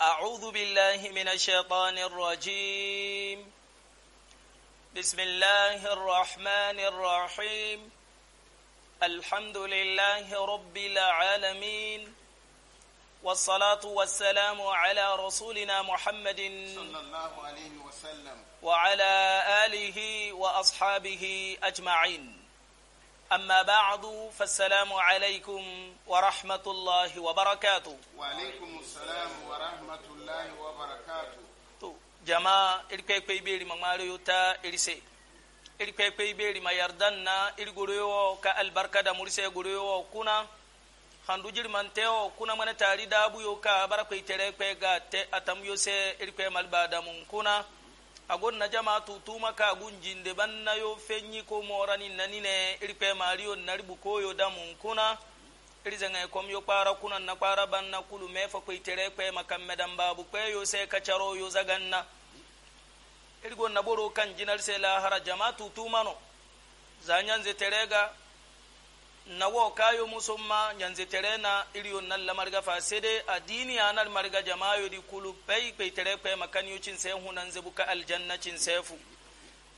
أعوذ بالله من الشيطان الرجيم بسم الله الرحمن الرحيم الحمد لله رب العالمين والصلاة والسلام على رسولنا محمد صلى الله عليه وسلم وعلى آله وأصحابه أجمعين أما بعد فالسلام عليكم ورحمة الله وبركاته وعليكم السلام ورحمة الله وبركاته جماعة إلقى كي بيري ممارو يوتا إلسي إلقى كي بيري ما يردنا إلغريو كالبركة دا مرسي غريو كنا handujir manteo كنا من tari dabu يوكا bara kwe tere kwe gate atamu yose ilikwe malbada agon na jama tutuma ka gunjinde banna yo fenyi ko morani nanine irpe mariyo naribu koyo damun kuna irzenga kom yo kpara kuna na kpara banna kulu fa ko itere kwe makamme dan babu kwe yo se kacharo yo zaganna irgon na boro kan jinar se la hara jama tutumano zanyanze terega na wo kayo musumma nyanze terena iliyo nalla marga fasede adini anal marga jamayo di kulu pei pei tere pay makaniyo cin sai hunan buka aljanna cin sefu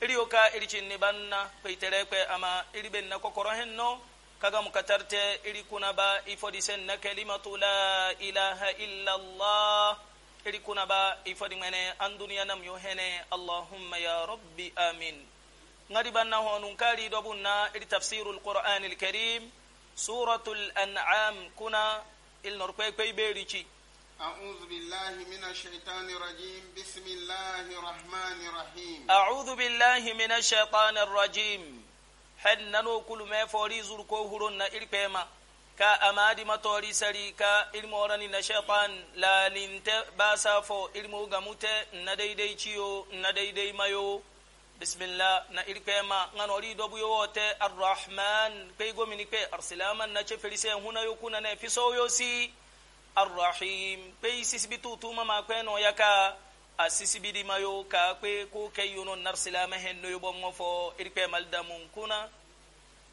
iliyo ka iri cin ni banna tere pay ama iri ben na kokoro henno kaga mukatarte iri kuna ba ifodi sen na kalimatu la ilaha illa allah iri kuna ba ifodi mene anduniya namyo hene allahumma ya rabbi amin ngariban na honun kari dobunna iri tafsirul qur'anil karim suratul an'am kuna il norpe pe berici أعوذ بالله من الشيطان الرجيم بسم الله الرحمن الرحيم أعوذ بالله من الشيطان الرجيم حننو كل ما فوري زركو هرون إلقيما ka amadi matori sari ka ilmu orani na shaitan lalinte ba safo ilmu gamute na daidai ciyo na daidai mayo بسم الله نا إلكما نا أريد أبو يوتة الرحمن بيجو مني بي أرسلاما نشفريسين هنا يكون أنا في سويوسي الرحيم بي سيسبي تو تو ما كوين ويكا أسيسبي دي مايو كا بي كو كي ينون نرسلاما هنو يبون مفو إلكما الدمون كنا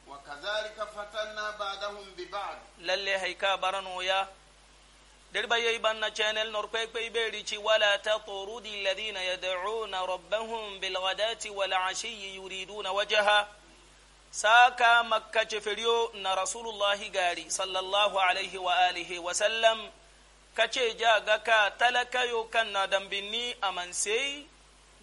وكذلك فتنا بعدهم ببعض للي هيكا برانو يا دربا يبان channel norpe pe berichi wala taturudi alladhina yad'una rabbahum bil ghadati wal ashi yuriduna wajha saka makka cheferiyo na rasulullahi gari sallallahu alayhi wa alihi wa sallam kace ja gaka talakayo kanna dambinni amansei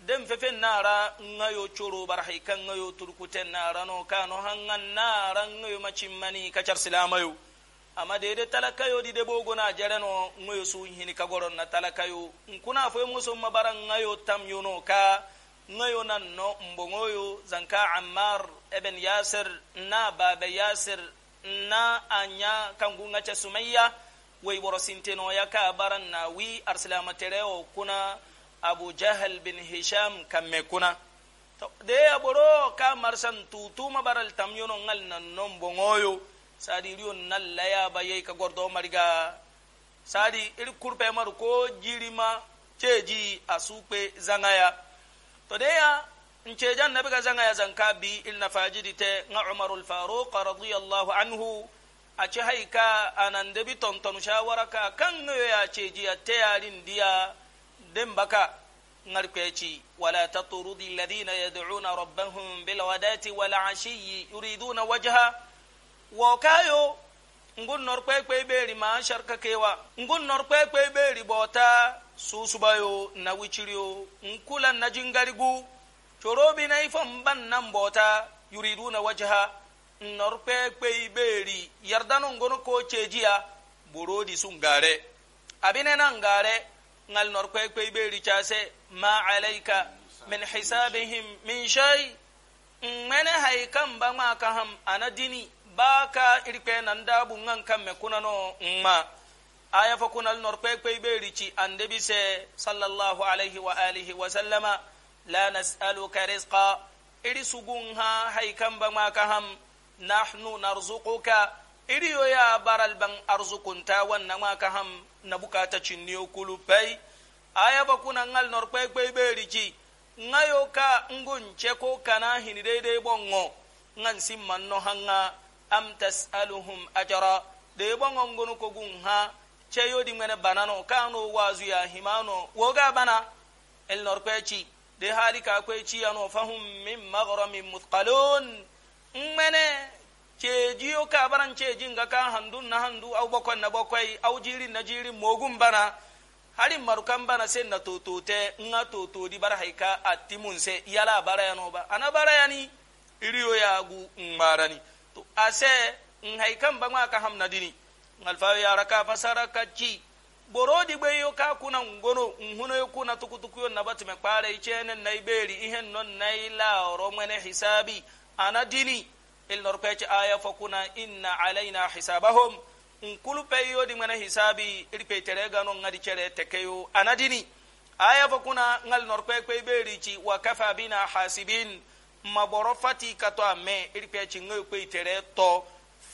den fefen nara ngayo choro barhi kan ngayo turkuten nara no kano hangan nara ngayo machimmani kacar silamayo amma yadda talakayo di debo gona jareno ngoyo su hini kagoron na talakayo nkuna fo muso mabara ngayo tam yuno ka ngayo nan no mbongoyo zanka ammar ibn yasir na baba yasir na anya kangunga cha sumayya wai borosinteno ya ka baran na wi arsilama tereo kuna abu jahal bin hisham kamme kuna de aboro ka marsan tutu mabaral tam yuno ngal nan no ngoyo sadi riyon nalla ba baye ka gordo mariga sadi ir kurpe mar ko jirima ceji a supe zangaya to de ya in cejan nabi ga zangaya zanka bi il nafajidi te nga umar al radiyallahu anhu a ci haika anan da bi tonton shawara ka kan ya ceji ta tayarin diya den baka نركيتي ولا تطرد rabbahum يدعون ربهم بالوداة والعشي يريدون وجهه wo kayo ngun nor kwe beri ma sharka kewa ngun nor kwe beri bota susubayo na wiciriyo nkula na jingarigu corobi na ifon ban nan bota yuriduna wajha nor kwe kwe beri yardano ngono ko cejiya burodi sun gare abine nan gare ngal nor kwe kwe beri chase ma alaika min hisabihim min shay mene hay kan ba ma ka ham ana dini baka irpe nan dabu ngan me kuna no ma aya fa kuna nor pe pe be rici ande bi se sallallahu alaihi wa alihi wa sallama la nas'aluka rizqa iri sugun ha hay ba ma ka ham nahnu narzuquka iri yo ya baral ban ta wannan ma ka ham na bukata cinniyo kulu a aya fa kuna ngal nor pe be rici ngayo ka ngun ko kana hin daidai bongo ngan simman manno hanga am tasaluhum ajra de bongo ngono ko gun ha ceyo di mene banano kano wazu ya himano woga bana el nor kweci de hali ka kweci ano fahum min maghramin muthqalun mene cejiyo ka baran cejin ga ka handun na handu au na bakwai au jirin na jiri mogun bana harin marukan bana sen na totote nga toto di bar haika atimun se yala barayano ba ana barayani iriyo yagu mbarani to a se n hay kam baŋa ka ham nadini alfawe yara ka fasara kacci borodi ɓeyo ka kuna n gono n hunoyo kuna tukutukuyo nabatime kpare icenen nayi ɓeeri ihen non nayi laoromene hisabi ana dini ilnorpeci aya fo kuna inna alaina hisabahom n kulu peyodi mene hisabi iripeytere gano n adi cere tekeyo ana dini aya fo kuna ŋal norpe kpey ɓeeri ci wa kafa bina hasibin mabɔrɔ fati ka to a mɛ irikpɛ e ci ŋa kpe tɛrɛ tɔ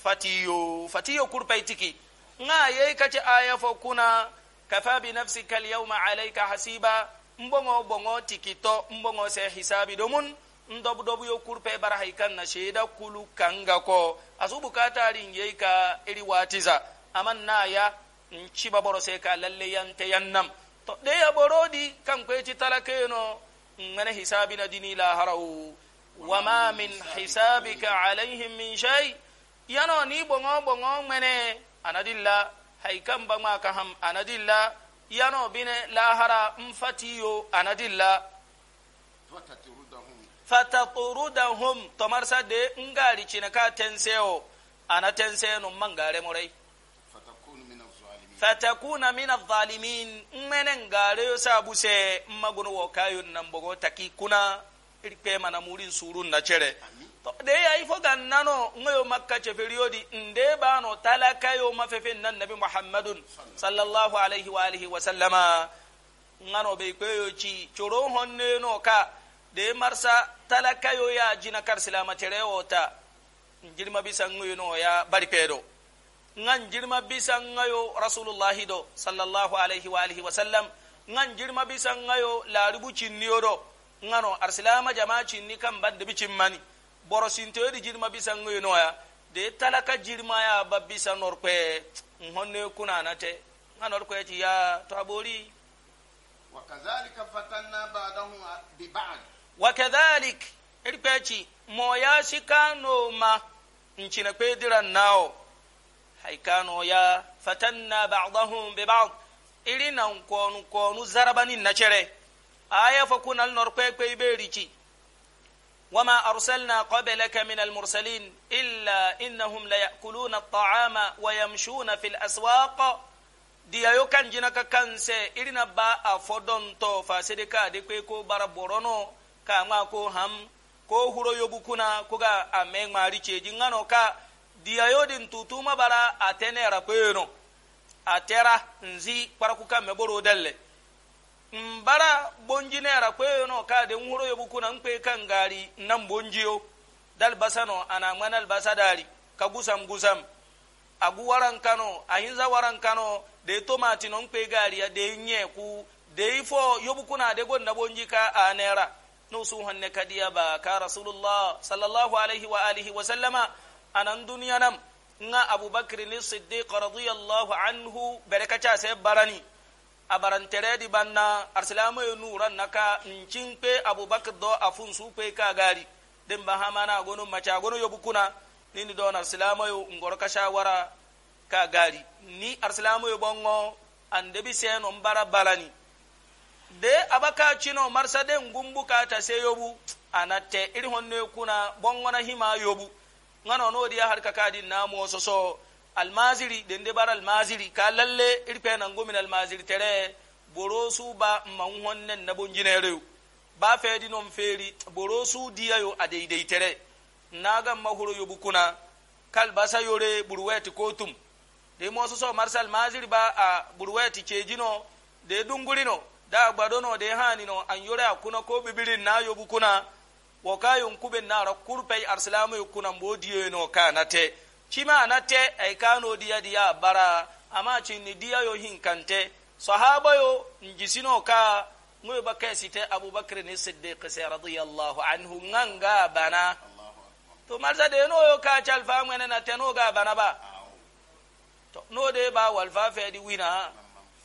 fati yo fati yo kurpa itiki ŋa ye ka ci aya fɔ kuna kafa bi nafsi kal yawma alayka hasiba mbɔŋɔ bɔŋɔ tiki tɔ mbɔŋɔ sɛ hisabi domun ndobu dobu yo kurpe bara haikan na sheda kulu kanga ko asu bukata rin yayi ka iri e watiza aman na ya nci baboro sai ka lalle yante yannam to de ya borodi kan ko ci talake no ngane hisabi na dini la wama min hisabika alaihim min shay yano ni bongo bongo mene anadilla haikan ba ma ka ham anadilla yano bine lahara mfatiyo anadilla fataturudahum tomar sa de ngari cina ka tenseo ana tenseno mangare morai fatakuna min adh-dhalimin menen ngare yo sabuse magunu wo kayun nan bogo takikuna irikpe mana murin surun na chere to da ya yi fogan nano ngoyo makka ceferiyodi nde no talaka yo mafefe nan nabi muhammadun sallallahu alaihi wa alihi wa sallama ngano be kweyo ci choro honne no ka de marsa talaka yo ya jina kar salama terewo wota njirma bisa ngayo no ya bari pedo ngan jirma bisa ngayo rasulullah do sallallahu alaihi wa alihi wa sallam ngan jirma bisa ngayo laribu cinniyo do ngano arsilama jama ni kan badde bicin mani borosintoyodi jirma bisa ngoyinoya de talaka jirma ya ba bisa norkwe nhonne kunanate nga norkwe ci ya tabori wakadhalika fatanna ba'dahum bi ba'd wakadhalik irkwe ci moya sikano ma ncina kwe diran nawo haikano ya fatanna ba'dahum bi ba'd iri nan konu konu zarabanin na cere aya fo kunal nor kwekwe ibe rici wama arsalna qablaka min almursalin illa innahum la yakuluna at'ama wa yamshuna fil aswaq diyayo kan jina ka kanse irina ba a fodonto fasidi ka de kwe ko bara borono ka ma ko ham ko huro yobu kuna ko ga ame ngari ceji ngano ka diyayo din tutuma bara atenera kweno atera nzi kwara kuka meboro dalle mbara bonji nera kweyono kade nwuro yobu kuna nkwe kan gari nan yo dal basano ana ngman albasa dari ka gusam gusam agu waran kano ahinza waran kano de tomati no kwe gari ya de ku de ifo yobu kuna de gonda bonji ka anera nusu hanne kadiya ba ka rasulullah sallallahu alaihi wa alihi wa sallama anan duniya nam nga abubakar ni siddiq radiyallahu anhu barakacha sai barani abarantere di banna arsilamu ye na ka ncin pe abubakar do fun su pe ka gari den ba hama na gonon gono macha gono yobu kuna ni don arsilamu ya e ngoro ka shawara ka gari ni arsilamu ya e bongo ande bi seno mbara balani de abaka chino marsa de ngumbu ka ta se yobu anate iri honne kuna bongo na hima yobu ngano no har harka kadin namu soso almaziri dende bar almaziri ka lalle irfe nan gomin almaziri tere borosu ba man honnen na bonjine rew ba fedi non feri borosu diyayo a daidai tere mahuru yo bukuna kal basa yore burweti kotum de moso so marsal maziri ba a burweti kejino de dungurino da gbadono de no an yore akuna ko bibirin na wa wakayun kuben nara rakurpai arsalamu yukuna mbodiyo no kanate cima na te kano diya diya bara ama cinni diya yo kante sahaba yo njisino ka ngoyo bakka site abubakar ni siddiq sai radiyallahu anhu nganga bana to marza de no yo ka chal famu ne na no ga bana ba to no de ba wal fa fe di wina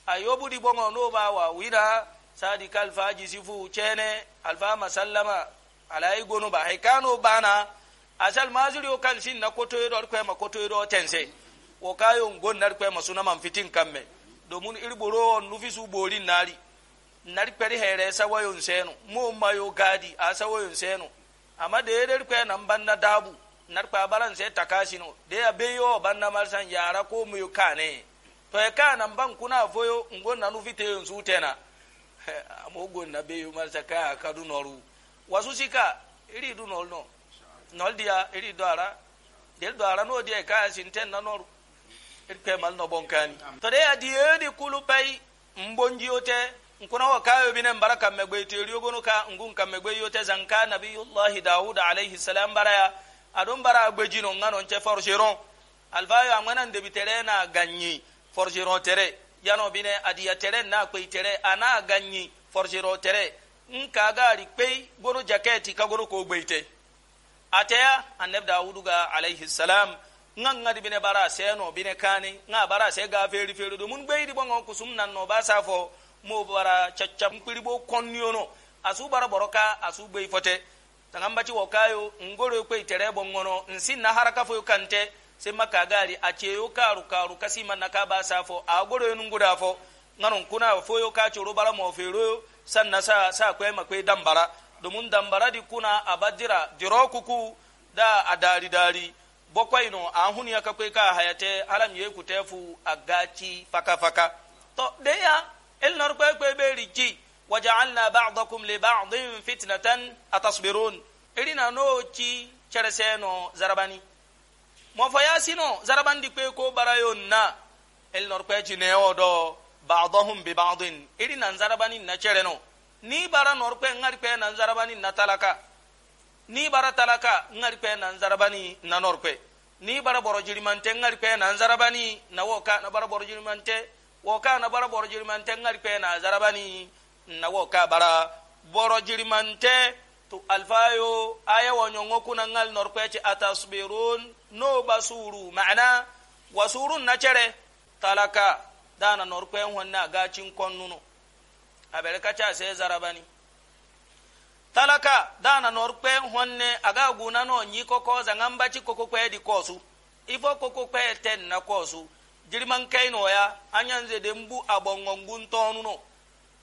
ayobu di bongo no ba wa wina sadi kalfa jisifu chene alfa masallama alai gonu ba hekano bana asal mazuri o kan sin na kotoyiro ma koto kotoyiro tense wo kayon na nar ma suna man fitin kamme domin irburo nufi su boli nari nar kwari here sawayon seno mo y'o gadi a sawayon seno amma da yare kwai na ban na dabu nar kwa baran sai no da ya beyo ban na marsan yara ko mu kane to ya na ban kuna foyo ngon na nufi teyon su tena amogon na beyo marsa ka kadu noru wasu sika iri du nol dia iri dara del dara no dia e ka sinten na noru ir pe mal no bonkani to de adi edi kulu pai mbonji ote nkuna wa kayo binen baraka megbe te riogono ka ngun ka megbe yote zanka nabiyullah daud alayhi salam baraya adon bara gbejino ngano nche forgeron alvayo amana ndebitere na ganyi forgeron tere yano bine adiya tere na kwei tere ana ganyi forgeron tere nka gari kwei gono jaketi ka gono ko gbeite taya annabi dawudu ga alayhi salam nga ngadi bine bara seno bine kani nga bara se ga feri feri do mun gbeidi ko sum nan no basa fo mo bara chaccam kpiribo konniono asu bara boroka asu gbei fote tagambaci wo kayo ngoro itere tere bongono nsi na haraka fo kante se maka gari ce yo karu karu kasi man naka basa fo goro yo nguda fo ngaron kuna fo yo ka choro bara mo san sanna sa sa kwe makwe dambara domin dambaradi kuna a diro kuku da a dari dari bokwai no an hun ya kakwai ka hayate alam ye ku tefu a gaci faka faka to deya il nar kwe kwe be riki waja'alna ba'dakum li ba'din fitnatan atasbirun irina no ci cerese no zarabani mo fayasi no zarabani kwe ko barayon na il nar kwe da ne odo ba'dahum bi ba'din irina zarabani na cere no ni bara norkwe ngari na zarabani na talaka ni bara talaka ngari na zarabani na norkwe ni bara boro jirimante ngari kwe nan zarabani na woka na bara boro jirimante woka na bara boro jirimante ngari na zarabani na woka bara boro jirimante to alfayo aya wanyongo kuna ngal norkwe ci atasbirun no basuru ma'ana wasurun na cere talaka dana norkwe honna gacin konnuno abere kacha se zarabani talaka dana nor honne aga guna no nyi koko za ngamba chi koko kwe di kosu ifo koko kwe ten na kosu jirman kai no ya anyanze de mbu abongongun tonu no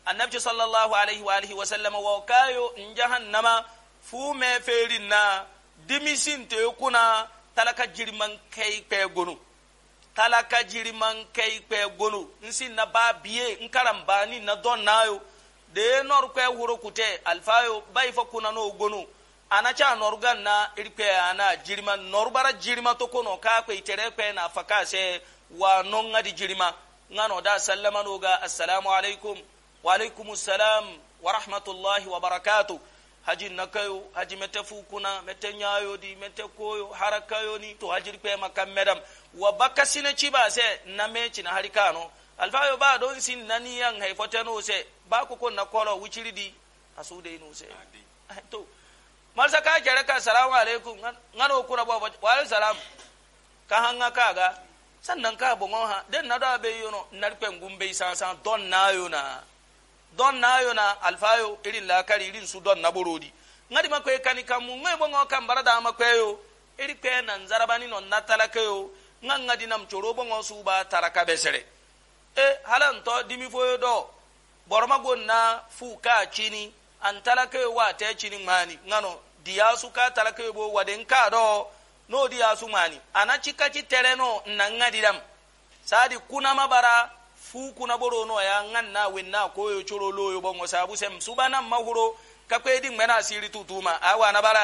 annabi sallallahu alaihi wa alihi wa sallam wa kayo njahannama fu me ferin na dimisin te kuna talaka jirman kai kpe gonu talaka jiriman kai kwe gono nsi na ba biye nkaran ba ni na don nayo da ya nor kwe wuro kute alfayo bai fa kuna no gono ana cha gan na irkwe ana jirima bara jirima to kono ka kwe tere kwe na faka se wa non ngadi jirima ngano da sallama no ga assalamu alaikum wa alaikumus salam wa rahmatullahi wa barakatuh haji kayo haji mete fukuna mete di mete koyo yo ni to haji pe makam madam wa bakka sine ciba se mechi na kano alfayo ba don sin yang hay fotano se ba ko kon na koro wuciridi asude inu se ah, to marsa ka jere ka salamu alaikum ngano kuna ba wa salam ka hanga ga sannan ka bongo ha den na da be yono ngumbe san-san don na na. don na na alfayo irin lakari irin su don na burodi ngadi makwe kani kamu ngai bongo kan barada makweyo iri kwe na zarabani non na talakayo nga ngadi nam choro bongo su ba taraka besere e halan to dimi foyo do boroma gon na fu ka chini an talakayo wa te chini mani ngano diya su ka talakayo bo waden ka do no diya su mani ana chika tereno na ngadi dam sadi kuna mabara fukuna ɓorono ya ŋan na wenna koyo coro loyo bongo sabu sem subanan mahuro kakwedi ŋmena asiri tutuma awana bara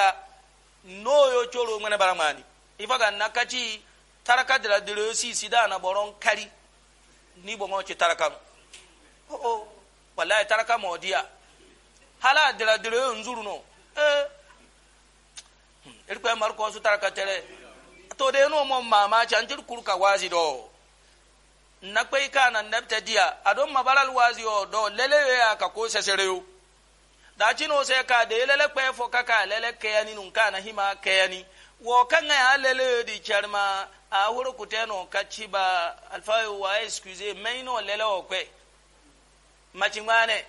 noyo coro ŋmene bara ŋmani ifaga na kaci taraka dira diroyo sisi dana boron kari ni bongo ci tarakanu oo oh, oh. wallahi taraka modiya hala dira diroyo nzuruno eh. irikwe hmm, marko su taraka tere to de no mo mama ci antir kurka wazi do na kpei kana nebte dia adon mabaral waziyo do lelewe ya ka ko sesereyo dacino se ka de lele kpe fo kaka lele keyani nun na hima keyani wo kanga ya lelewe di charma a huru kuteno kachiba alfayo wa excuse meino lele o kwe machingwane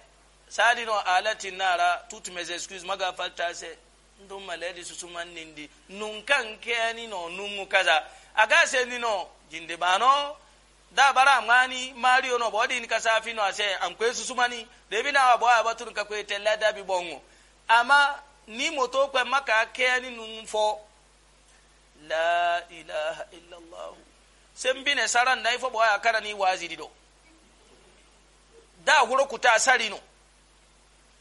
sadino alati nara tutumes excuse maga falta se ndum maledi susuman nindi nun kan keyani no nungu kaza aga se nino jinde bano da bara amani mario no bodi ni kasafi no ase ankwe susumani de bi na abo abo tun ka kwe tella da bi bongo ama ni moto kwe maka ke ni numfo la ilaha illa allah sem bi ne saran dai fo boya kana ni wazi dido da huro kuta sari no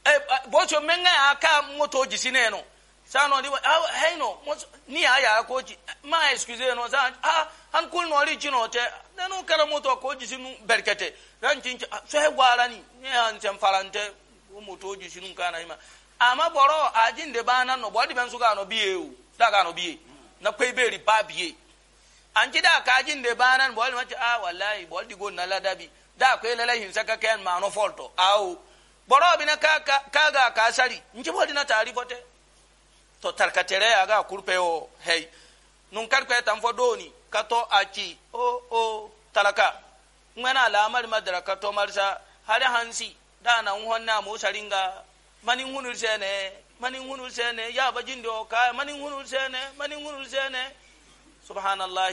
e bocho menga aka moto jisine no sa no di ah hey no ni aya ko ji ma excuse no sa ah han kul no ri chino te na no kara moto ko ji sinu berkete ran cin so he gwara ni ne ya han tem farante o moto ji sinu a ma bɔrɔ a ajin de bana no bodi ben suka no biye o da ka no biye na kwe beri ba biye an ji da ka ajin de bana no bodi ma ah wallahi bodi go na ladabi da kwe lele hin saka ken ma no folto awo boro bi na ka ka ga ka sari nji bodi na tari bote to tarkatere aga kurpe o hey nun karkwe tan fo doni ka kato aki o o talaka ngana lamar madara kato marsa hare hansi da na dana honna mo saringa mani hunul sene mani hunul sene ya bajin do ka mani hunul sene mani hunul sene subhanallah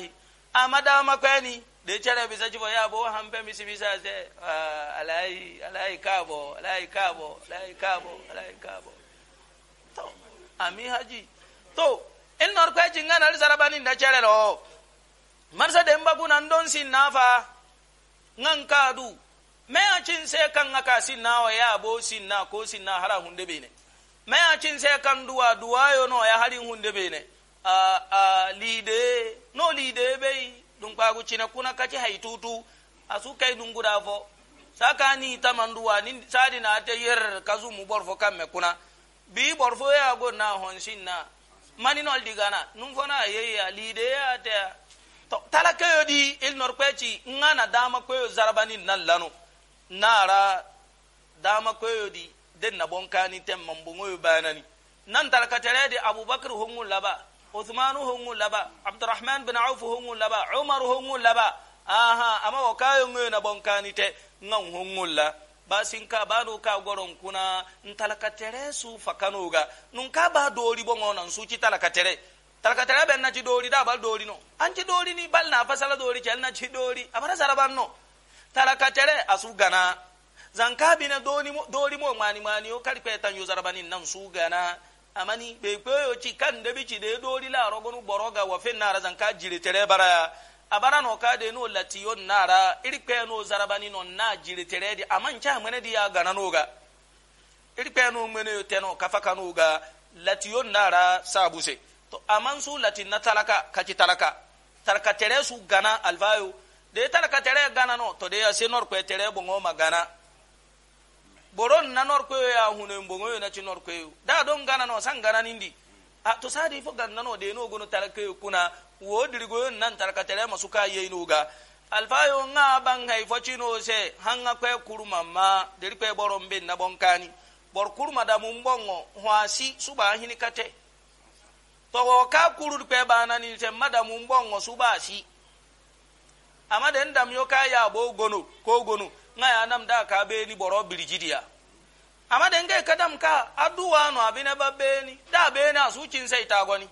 amada makwani de chere bisa jibo ya bo hampe misi bisa se ah, alai alai kabo alai kabo alai kabo alai kabo ami haji to en nor kwe jinga na zarabani da chere ro marsa de mbagu nan don sin nafa ngan kadu me a chin se kan aka sin na wa ya bo sin na ko sin na hara hunde be ne me a chin se kan duwa duwa yo no ya hali hunde be ne a a lide no lide be dun kwagu china kuna kaci haitutu asu kai dun guda saka ni tamanduwa ni sadi na ta yer kazu mu borfo kan me kuna bi borfo ya go na honsin na mani nol digana num fona ye ya lide ya ta to talaka yo di il nor kweci ngana dama kweyo zarabani nan lanu nara dama kweyo di den na bonkani tem mambungo yo banani nan tala ka tere di abubakar hongu laba uthmanu hongu laba abdurrahman bin auf hongu laba umar hongu laba aha ama wakayo ngoyo na bonkani te ngan hongu laba basinka bano ka goron kuna ntalakatere su fakanoga nun ka ba dori bongo nan su ci talakatere talakatere ben na ci dori da bal dori no an ci dori ni bal na fasala dori kel na ci dori abara saraban no talakatere asu gana zanka na doni mo dori mo mani mani o kali kwetan yo zarabanin nan su gana amani be kweyo ci kan da ci da dori la rogonu boroga wa fin na zanka jire tere bara a bara no ka de no lati yon nara irikpe no zarabani no na jiritere di aman cha mene di ya gana no ga irikpe no mene yo teno kafaka no ga lati yon nara sabuse to aman su lati na talaka ci talaka talaka tere su gana alvayo de talaka tere gana no to de ya se nor kwe tere bongo ma gana boron na nor kwe ya hunu bongo yo na ci nor kwe da don gana no san gana nindi a ah, to sadi dai fo ganna no de no gono talaka kuna wo dirigo yon nan talaka tele masu ka yei no ga alfayo nga ban hay fo chino se hanga kwe kuruma ma deri kwe boro mbe na bonkani bor kuruma da mun bongo hwasi suba hini kate to wo ka kuru kwe bana ni se mada mun bongo suba si amma da ndam yo ka ya bo gono ko gono nga ya nam da ka be ni boro birjidia amma da ngai kadam ka aduwa no abina babbeni da bena asu cin sai ta goni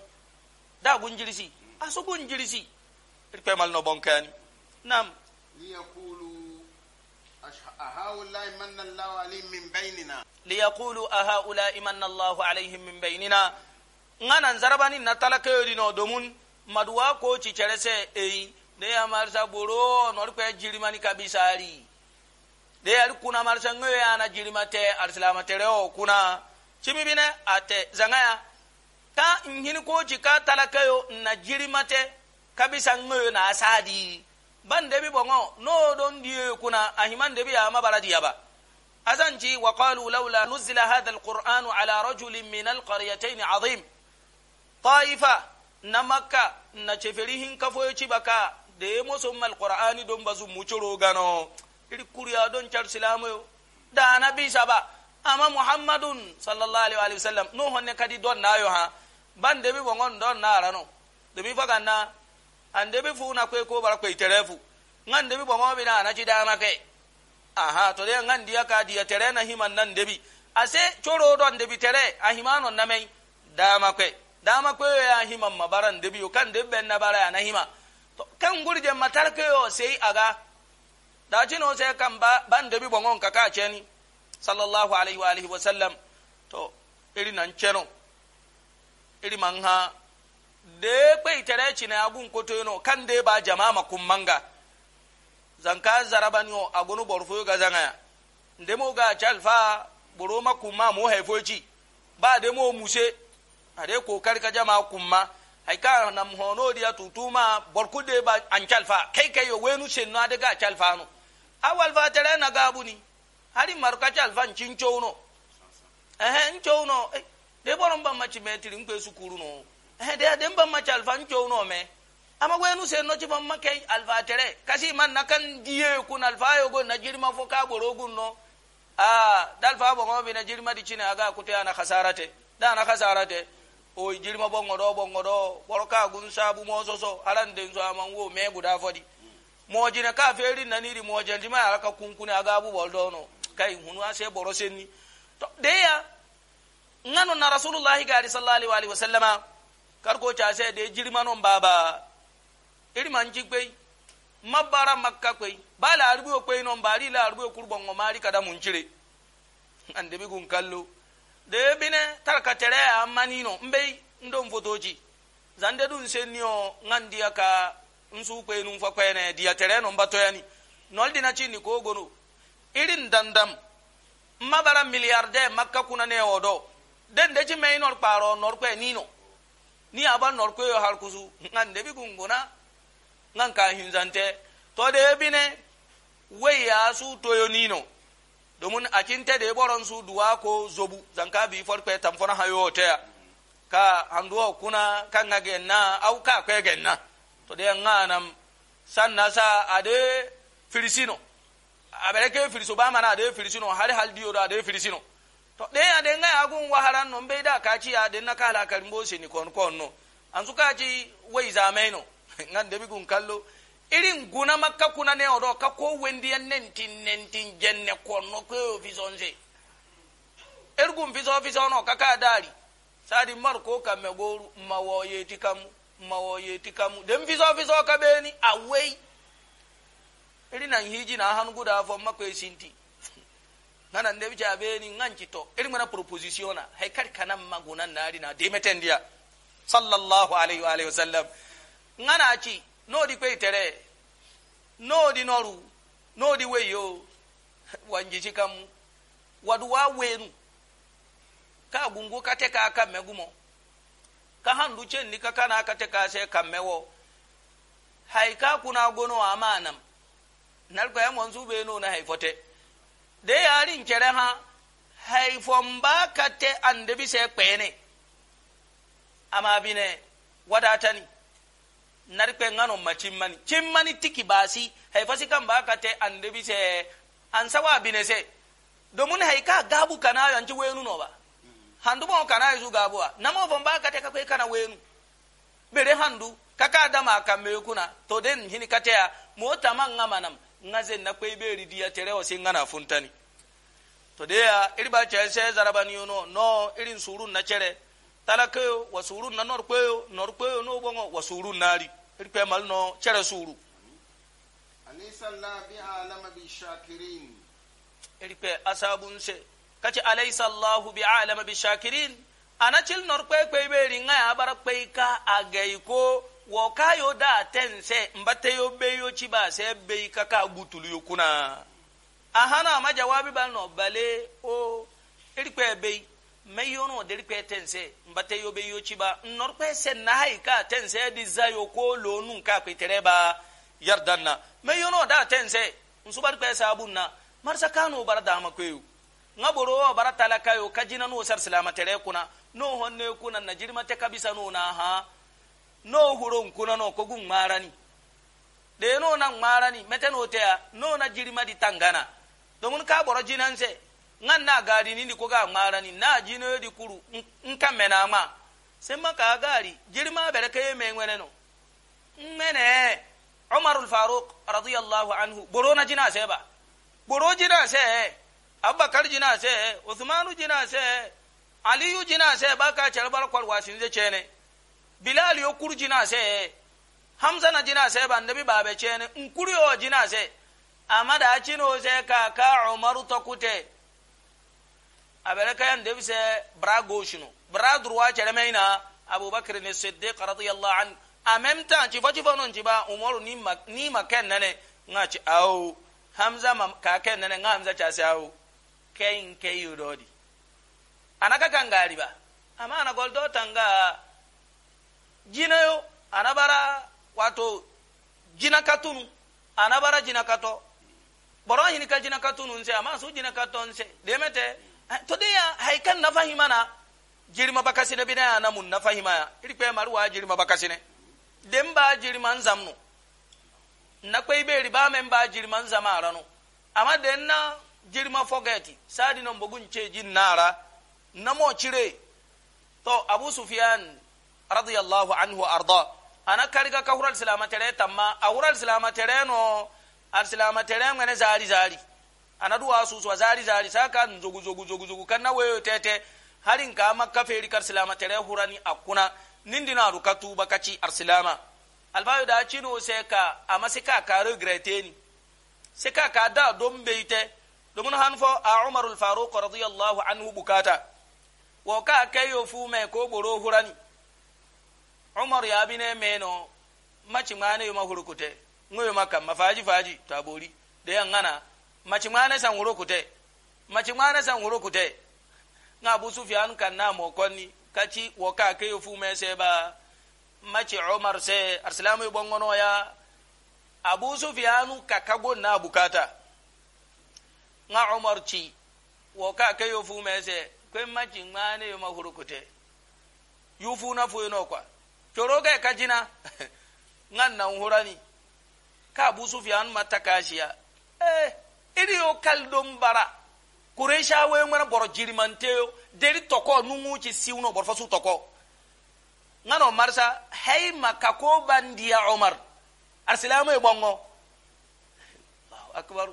da gunjirisi asu gunjirisi irpe mal no bonkani nam liyaqulu ahaula'i manna Allahu alaihim min bainina liyaqulu ahaula'i manna Allahu alaihim min bainina ngana zarabani na talakayori no domun maduwa ko ci cerese eyi da ya marsa boro no irpe jirimani kabisari de yari kuna marsanŋoyo yana jirima te arisilama tereo kuna cimi bine ate zangaya ka nhini koji ka talakayo na jirima te kabisanŋoyo na asadi bi bongo no don die kuna ahimandebi ya ba azanji wa qalu laula nuzila hadha alquran ala rajulin min alqaryatayn azim taifa na makka na cheferihin kafoyo chibaka de mosum alquran don bazu gano iri kuriya don char silamu yo da nabi saba ama muhammadun sallallahu alaihi wa sallam no honne kadi don na yo ha ban de bi bongon don na rano de bi faga na an de bi fu na kwe ko bar kwe terefu ngan de bi bongon bi na na ci da na ke aha to de ngan dia ka dia tere na himan nan de bi ase coro don de bi tere a himano na mai dama kwe dama kwe ya himan mabaran de bi yo kan de ben na bara ya na hima to kan gurje matar kwe yo sai aga da no sai kan ban da bi bongon ka kace ni sallallahu alaihi wa alihi wa sallam to iri nan no iri man ha de pe itere na agun to no kan de ba jama'a kun manga zanka zarabani o agunu borfo ga zanga mo ga chalfa boroma kuma mo haifoci ba de mo muse ade ko ka jama'a kuma haika nam no dia tutuma de ba an chalfa kai kai yo wenu sen na de ga chalfa no awo alfatere na gabuni hari marukaci alfa nci ncowuno ehe ncowuno eh, de boro mba machi metiri nkwe sukuru no ehe de de mba machi alfa ncowuno me ama gwenu se no ci bamma kai alfatere kasi man nakan diye kun alfa yogo na jirma fo ka borogun no a ah, dalfa bongo bi na jirma di cine aga kutu ana khasarate da na khasarate o jirma bongo do bongo do boroka gun sabu mo soso aran den so aman wo me guda fodi mojina ka feri naniri mojanti ma araka kunkune aga abubol dono kai hunu ase boro senni to deya ngano na rasulullahi gari sallallahu alaihi wasallama karko cha ase de jirmano baba iri manji kwe mabara makka kwe bala arbi o kwe non bari la arbi o kurbon ngo mari kada munchire ande bi gun kallo de bine tarka tere amanino foto ci zan zande dun senni o diya ka. nsu kwenu kwe kwene dia tereno mbato yani nol dina chini ko gono iri ndandam mabara miliarde makka kuna ne odo den de chime nor paro nor kwe nino ni aba nor kwe har kusu ngan de bi gungona ngan ka hinzante to de bine we ya su toyo nino domin a de da e boron su duwa ko zobu zanka bi farko tamfona hayo ta ka handuwa kuna kan ga genna au ka kwe genna to de ŋanam sanna sa ade firisino abere ke filiso ba mana ade filisino har hal diyo da ade filisino to de ade nga agun waharan no ci kaci ade na kala karimbo sini kon kon no an su ci wai no ngan de gun kallo irin guna makka kuna ne odo ka ko wendi yan nentin nentin jenne no ko fisonse ergun fiso fiso no ka dari sadi mar ko kamme goru mawoyeti kamu mawoyetikamu dem viso viso kabeni awei eri nan hiji na han guda fo makwe sinti nana ndebi cha beni ngankito eri mwana propositiona haikari kana maguna nari na demetendia sallallahu alaihi wa alihi wasallam ngana chi no di kwe tere no di noru no di weyo wanjiji kamu waduwa wenu ka gungo kateka aka megumo ka handu cenni ka kana kate kase kamme wo hay ka kuna gono amanam narko ya monsu be no na hay fote de yarin kere ha hay fomba kate ande bi se kpene ama bine wadatani narpe ngano machimmani chimmani tiki basi hay fasi kan ba kate ande bi se an sawa bine se domin hay ka gabu kana yanci wenu no ba handu bon kana izu gabuwa namo bon ba ka te ka kwe kana wenu bere handu kaka dama ka me kuna to den hini katea mota man ngama nam ngaze na kwe beri dia tere o singa na funtani to de ya iri ba che se zaraba ni no no irin surun na chere talaka yo wa surun na nor kwe yo nor kwe yo no bongo wa surun nari iri kwe mal no chere suru anisa la bi alama bi shakirin iri kwe asabun se kace alaysa allahu bi alama bi shakirin ana cil nor kwe kwe be ringa ya bara kwe ka agai ko wo ka yo da tense mbate yo be yo ci ba se be ka ka gutulu yo kuna ahana ma jawabi bal no bale o iri kwe be mai yo no deri kwe tense mbate yo be yo ci ba nor kwe se na hai ka tense di za yo ko lo nun ka kwe tere ba yardanna mai yo no da tense nsubar kwe sabunna marsa kano bar da ma kwe yo nga boro wa bara talaka yo kajina no sar salama tere kuna no honne kuna na jirma te kabisa no na ha no huro kuna no ko gun marani de no na marani mete no ya no na jirma di tangana domun ka boro jinan se ngan na gari ni ko ga marani na jino di kuru nka mena ma sema ka gari jirma bere ke me ngwene no mene Umar al-Faruq radiyallahu anhu boro na jina se ba boro jina se abubakar jina se usmanu jina se aliyu jina se ba ka cer bar kwal ce cene bilal yo kur jina se hamza na jina se ban nabi babe cene nkuri yo jina se amma da cino se ka ka umaru ta kute abere kayan da bise bra goshino bra durwa mai na abubakar ne siddiq radiyallahu an a même temps ci fa ci fa non ci ba umaru ni ma ni ma ken nane nga ci aw hamza ma ka ken nane nga hamza ca se aw keyin keyuɗoɗi anaka kangariba amma ana goldo tanga jinayo ana bara wato jina katunu ana bara jina kato boron hini ka jina katunu nse amma su jina kato nse demete eh, to de ya haikan na fahimana jirma bakasine bina ya namun na ya iri kwe maruwa jirma bakasine dem ba jirma nzamnu na kwe iberi ba men ba jirma nzama no amma den na jirma fogeti sadi non bogun ce jin nara namo cire to abu sufyan radiyallahu anhu arda ana kariga ka hural silama tere tamma a hural silama tere no al silama tere ngane zari zari ana duwa su su zari zari saka zogu zogu zogu zugu kanna wayo tete harin ka makka feri kar silama tere hurani akuna nindina ka tuba ci ar silama albayo da cino se ka amasi ka ka regrete ni se ka ka da don beite domin han fo a umarul faruq radiyallahu anhu bukata wo ka kayo fu me ko boro hurani umar ya bi ne me no maci ngane yo mahurukute ngoyo makam mafaji faji tabori da yan ngana maci ngane san hurukute maci ngane san hurukute nga bu sufyan kan na mo konni kaci wo ka kayo fu me se ba maci umar se arslamu bongono ya abu sufyanu kakago na bukata nga umar ci wo ka ke yo fu se ko ma ci nga ne yo ma kute yu fu na fu no kwa coro ga ka jina nga na hurani ka bu sufyan matakashiya eh iri yo kaldom bara kuresha we ngana boro jirimanteo deri toko mu ci siuno bor fasu toko ngano marsa hay maka ko bandiya umar arsilamu e bongo allahu akbar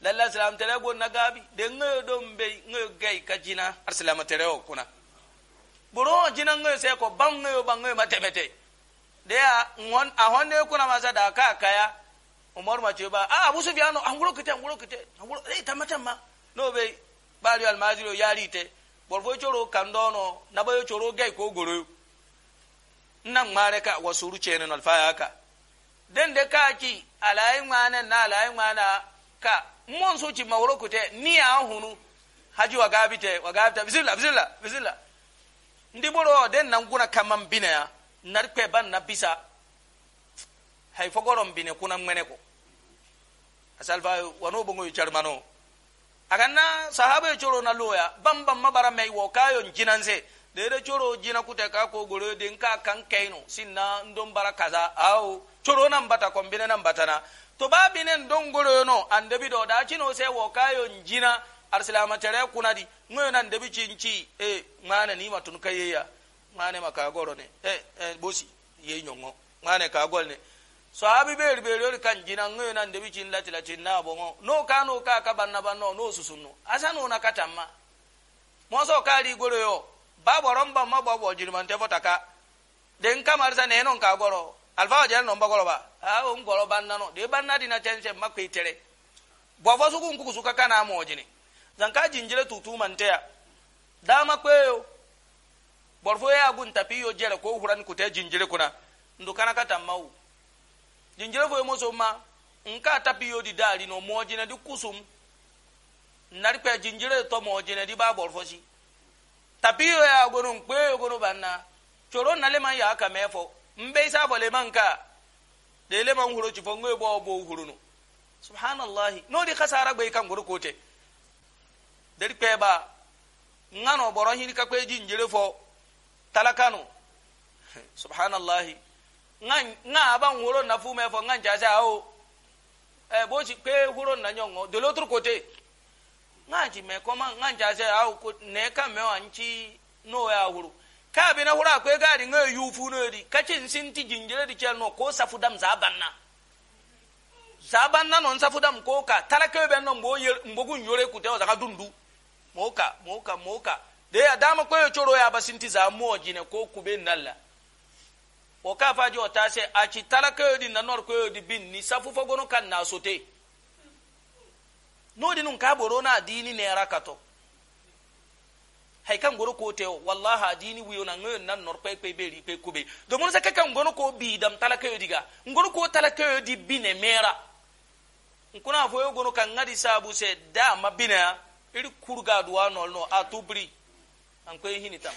lalla salam tere go na gabi de ngo do mbe ngo gay kajina ar salam tere o kuna buru jina ngo se ko ban ngo ban ngoyo matemete de a ngon a honne kuna masa da ka kaya umar ma ba a ah, abu sufyan anguro kite anguro kite anguro e eh, tamata ma no be bari al maziro yari te borfo choro kandono na bo choro gay ko goro nan mare ka wasuru no alfaya ka den de ka ki alai ngwana na alai ngwana ka mon so cimma woro kute ni an hunu haji wagabite wagabita bisilla bisilla bisilla ndi boro den nan guna kaman binaya nar kwe ban na bisa hay fogoron bine kuna ngene ko asalfa wano bongo yu charmano aganna sahaba choro na loya bam bam mabara mai wo kayo jinanse dere choro jina kute ka ko goro din ka kan kaino sinna ndon bara kaza awo choro nan bata kombine nan batana to babinen don goroyono andebi do dacino se wo kayo jina arsilama tere kunadi ŋoyo na andebi cinci e ŋane nima tun kayeya ŋane ma goro ne e, e bosi ye ñoŋo ka gol ne beri ɓeeri ɓeeriori kan jina ŋoyo na andebi cin lati na boŋo no kano ka ka banna banno no susunno asa nona ma moso kari goroyo baɓoron banma ɓoɓo jirimante fotaka den kamarsa nenon goro alfawa jɛn nɔ nbɔkɔlɔba aa o nkɔlɔba nnanɔ de ba nna dina cɛncɛn ma kpe tɛrɛ bɔfɔ sugu nkukusu ka kan n'a mɔ jini zanka jinjire tutu man tɛya dama kpe yo bɔrɔfɔ y'a gun tapi yo jɛrɛ k'o hura ni kutɛ jinjire kunna ndokana ka tan mawu jinjire foyi muso ma nka tapi yo di daari nɔ mɔ jina di kusum nari kpɛ jinjire tɔ mɔ jina di ba bɔrɔfɔ si tapi yo y'a gonu kpe yo gonu banna coro nale y'a kamɛ fɔ mbe isa bole manka dele man huro ci fongo bo bo huruno subhanallahi no di khasara gbe kan guru kote dari pe ba ngano boro hin ka kwe jinjere fo talakano subhanallahi ngan nga ban huro na fu me fo ngan jaja o e bo ci pe huro na nyongo de l'autre côté ngan ci me koma ngan jaja o ne ka me wanci no ya huro ka bina hura kwe gari nga yufu no di kacin ti jinjire di kelno ko safu dam za banna za banna non safu dam ko ka talaka be no mbo yer mbo gun yore ku te zaka dundu moka moka moka de ya dama kwe choro ya basinti za mo jine ko kube nalla o ka fa jo ta se a ci talaka di na nor kwe di bin ni safu fagono kan na sote no di nun ka boro na dini ne rakato hay kan goro ko te wallahi adini wiyo na ngoyon nan nor pe pe beri pe kube do mon sa kan gono ko bi dam talaka yo diga ngono ko talaka yo di bine mera nkuna fo yo gono kan ngadi sabu se da mabina iri kurga duwa no no atubri an ko hini tam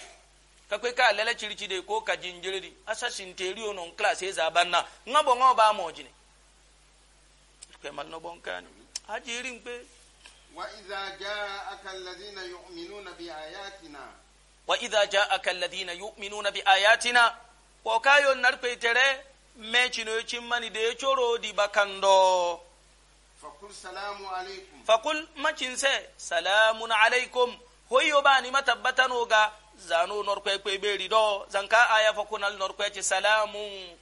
ka kwe ka lele chiri chide ko ka jinjiri assassin teri ono class eza banna ngabo ngoba mo jine kwe mal no bonkani ajiri mpe وإذا جاءك الذين يؤمنون بآياتنا وإذا جاءك الذين يؤمنون بآياتنا وكايو نرقي تري ميشي نوشي ماني دي دي بكاندو فقل سلام عليكم فقل ماشي چنسي سلام عليكم هو يباني ما تبتنو غا زانو نرقي بيري دو زانكا آيا فقل لنرقي سلام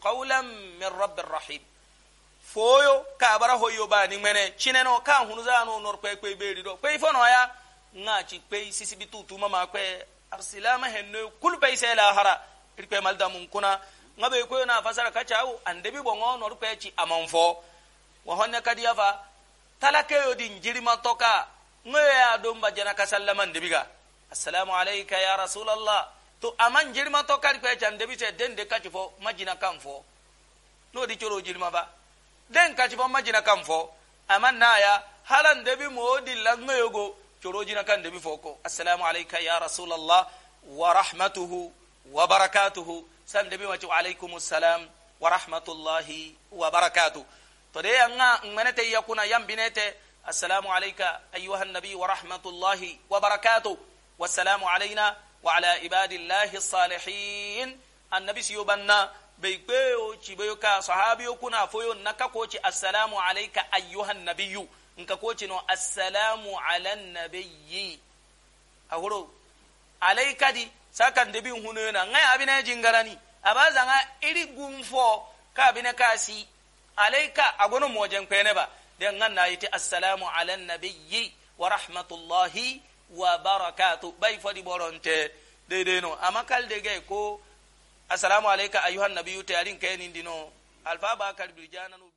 قولا من رب الرحيم foyo kabara bara hoyo ba ni mene chineno ka hunu za no nor kwe kwe beri do kwe fono ya nga chi kwe sisi bitu tuma ma kwe arsilama henno kul bai sai la hara irkwe malda mun kuna nga be kwe na fasara ka chawo ande bi bongo nor kwe chi amanfo wa honne kadi yafa talake yo din jirima toka ngoya ya don ba jana ka sallama ndibiga assalamu alayka ya rasulullah to aman jirima toka irkwe chan debi se den de ka chi majina kan no di choro jirima ba den kacifa majina kam fo aman naya halan debi mo yogo ŋeyogo jina kan debi foko assalamu alayka ya rasulallah wa rahmatuhu wa barakatuhu san debi wa alaykum salam wa rahmatullahi wa barakatuh to de yanga menete yakuna yambinete assalamu alayka ayuha nabi wa rahmatullahi wa barakatuh wassalamu alayna wa ala ibadillahi salihin annabi siyobanna bai kpeyo ci bai ka sahabiyo kuna foyo na ka koci assalamu alaika ayyuhan nabiyyu in ka koci no assalamu ala nabiyyi a huro alaika di saka da bin huno yana ngai abina jingarani a ba zanga iri gumfo ka abina kasi alaika a gonu wajen kwene ba dan nan na yiti assalamu ala nabiyyi wa rahmatullahi wa barakatuh bai fodi boronte daidai no amma kal de ko assalamu alaikum ayyuhan nabiyu tayarin kayanin dino alfa bakar birjananu